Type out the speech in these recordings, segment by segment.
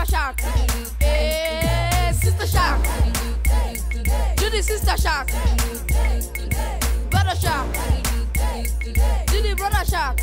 Papa Shark. Hey, eh, Sister Shark. Judy Sister Shark. Brother Shark. Judy Brother Shark.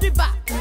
Be back.